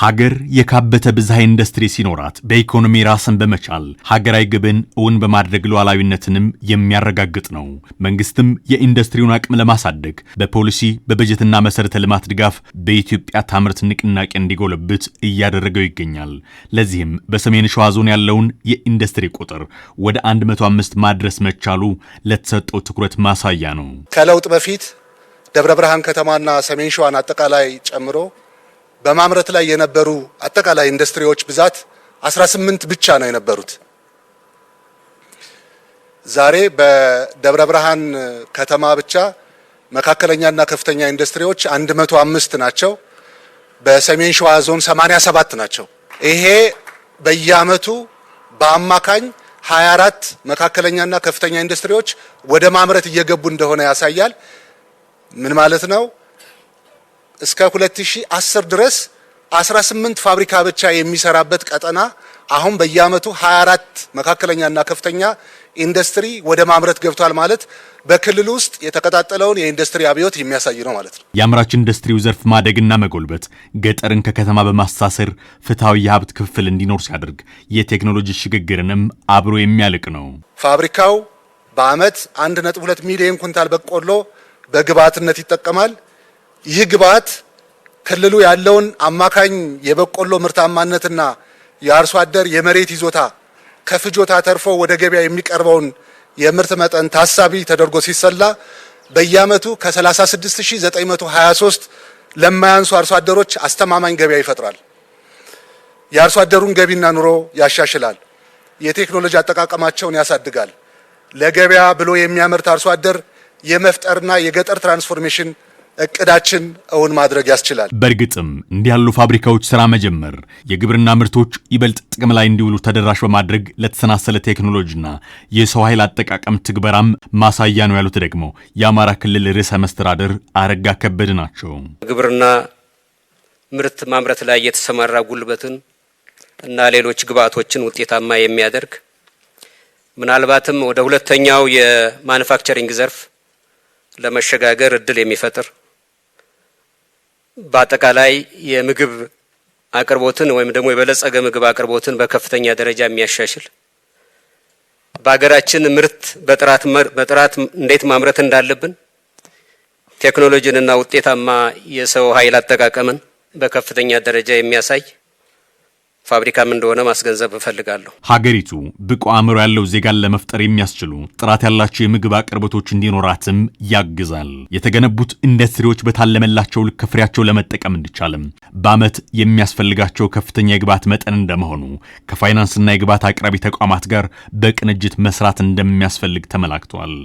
ሀገር የካበተ ብዝሃ ኢንዱስትሪ ሲኖራት በኢኮኖሚ ራስን በመቻል ሀገራዊ ግብን እውን በማድረግ ሉዓላዊነትንም የሚያረጋግጥ ነው። መንግስትም የኢንዱስትሪውን አቅም ለማሳደግ በፖሊሲ በበጀትና መሰረተ ልማት ድጋፍ በኢትዮጵያ ታምርት ንቅናቄ እንዲጎለብት እያደረገው ይገኛል። ለዚህም በሰሜን ሸዋ ዞን ያለውን የኢንዱስትሪ ቁጥር ወደ 105 ማድረስ መቻሉ ለተሰጠው ትኩረት ማሳያ ነው። ከለውጥ በፊት ደብረ ብርሃን ከተማና ሰሜን ሸዋን አጠቃላይ ጨምሮ በማምረት ላይ የነበሩ አጠቃላይ ኢንዱስትሪዎች ብዛት 18 ብቻ ነው የነበሩት። ዛሬ በደብረ ብርሃን ከተማ ብቻ መካከለኛና ከፍተኛ ኢንዱስትሪዎች 105 ናቸው። በሰሜን ሸዋ ዞን 87 ናቸው። ይሄ በየአመቱ በአማካኝ 24 መካከለኛና ከፍተኛ ኢንዱስትሪዎች ወደ ማምረት እየገቡ እንደሆነ ያሳያል። ምን ማለት ነው? እስከ 2010 ድረስ 18 ፋብሪካ ብቻ የሚሰራበት ቀጠና አሁን በየአመቱ 24 መካከለኛና ከፍተኛ ኢንዱስትሪ ወደ ማምረት ገብቷል ማለት በክልል ውስጥ የተቀጣጠለውን የኢንዱስትሪ አብዮት የሚያሳይ ነው ማለት ነው። የአምራች ኢንዱስትሪው ዘርፍ ማደግና መጎልበት ገጠርን ከከተማ በማስተሳሰር ፍትሐዊ የሀብት ክፍል እንዲኖር ሲያደርግ የቴክኖሎጂ ሽግግርንም አብሮ የሚያልቅ ነው። ፋብሪካው በአመት 1.2 ሚሊዮን ኩንታል በቆሎ በግብዓትነት ይጠቀማል። ይህ ግብዓት ክልሉ ያለውን አማካኝ የበቆሎ ምርታማነትና የአርሶ አደር የመሬት ይዞታ ከፍጆታ ተርፎ ወደ ገበያ የሚቀርበውን የምርት መጠን ታሳቢ ተደርጎ ሲሰላ በየዓመቱ ከ36923 ለማያንሱ አርሶ አደሮች አስተማማኝ ገበያ ይፈጥራል። የአርሶ አደሩን ገቢና ኑሮ ያሻሽላል። የቴክኖሎጂ አጠቃቀማቸውን ያሳድጋል። ለገበያ ብሎ የሚያመርት አርሶ አደር የመፍጠርና የገጠር ትራንስፎርሜሽን እቅዳችን እውን ማድረግ ያስችላል። በእርግጥም እንዲህ ያሉ ፋብሪካዎች ስራ መጀመር የግብርና ምርቶች ይበልጥ ጥቅም ላይ እንዲውሉ ተደራሽ በማድረግ ለተሰናሰለ ቴክኖሎጂና የሰው ኃይል አጠቃቀም ትግበራም ማሳያ ነው ያሉት ደግሞ የአማራ ክልል ርዕሰ መስተዳደር አረጋ ከበድ ናቸው። ግብርና ምርት ማምረት ላይ የተሰማራ ጉልበትን እና ሌሎች ግብዓቶችን ውጤታማ የሚያደርግ ምናልባትም ወደ ሁለተኛው የማኑፋክቸሪንግ ዘርፍ ለመሸጋገር እድል የሚፈጥር በአጠቃላይ የምግብ አቅርቦትን ወይም ደግሞ የበለጸገ ምግብ አቅርቦትን በከፍተኛ ደረጃ የሚያሻሽል በሀገራችን ምርት በጥራት እንዴት ማምረት እንዳለብን ቴክኖሎጂንና ውጤታማ የሰው ኃይል አጠቃቀምን በከፍተኛ ደረጃ የሚያሳይ ፋብሪካም እንደሆነ ማስገንዘብ እፈልጋለሁ። ሀገሪቱ ብቁ አእምሮ ያለው ዜጋን ለመፍጠር የሚያስችሉ ጥራት ያላቸው የምግብ አቅርቦቶች እንዲኖራትም ያግዛል። የተገነቡት ኢንዱስትሪዎች በታለመላቸው ልክ ፍሬያቸው ለመጠቀም እንዲቻልም በዓመት የሚያስፈልጋቸው ከፍተኛ የግብዓት መጠን እንደመሆኑ ከፋይናንስና የግብዓት አቅራቢ ተቋማት ጋር በቅንጅት መስራት እንደሚያስፈልግ ተመላክቷል።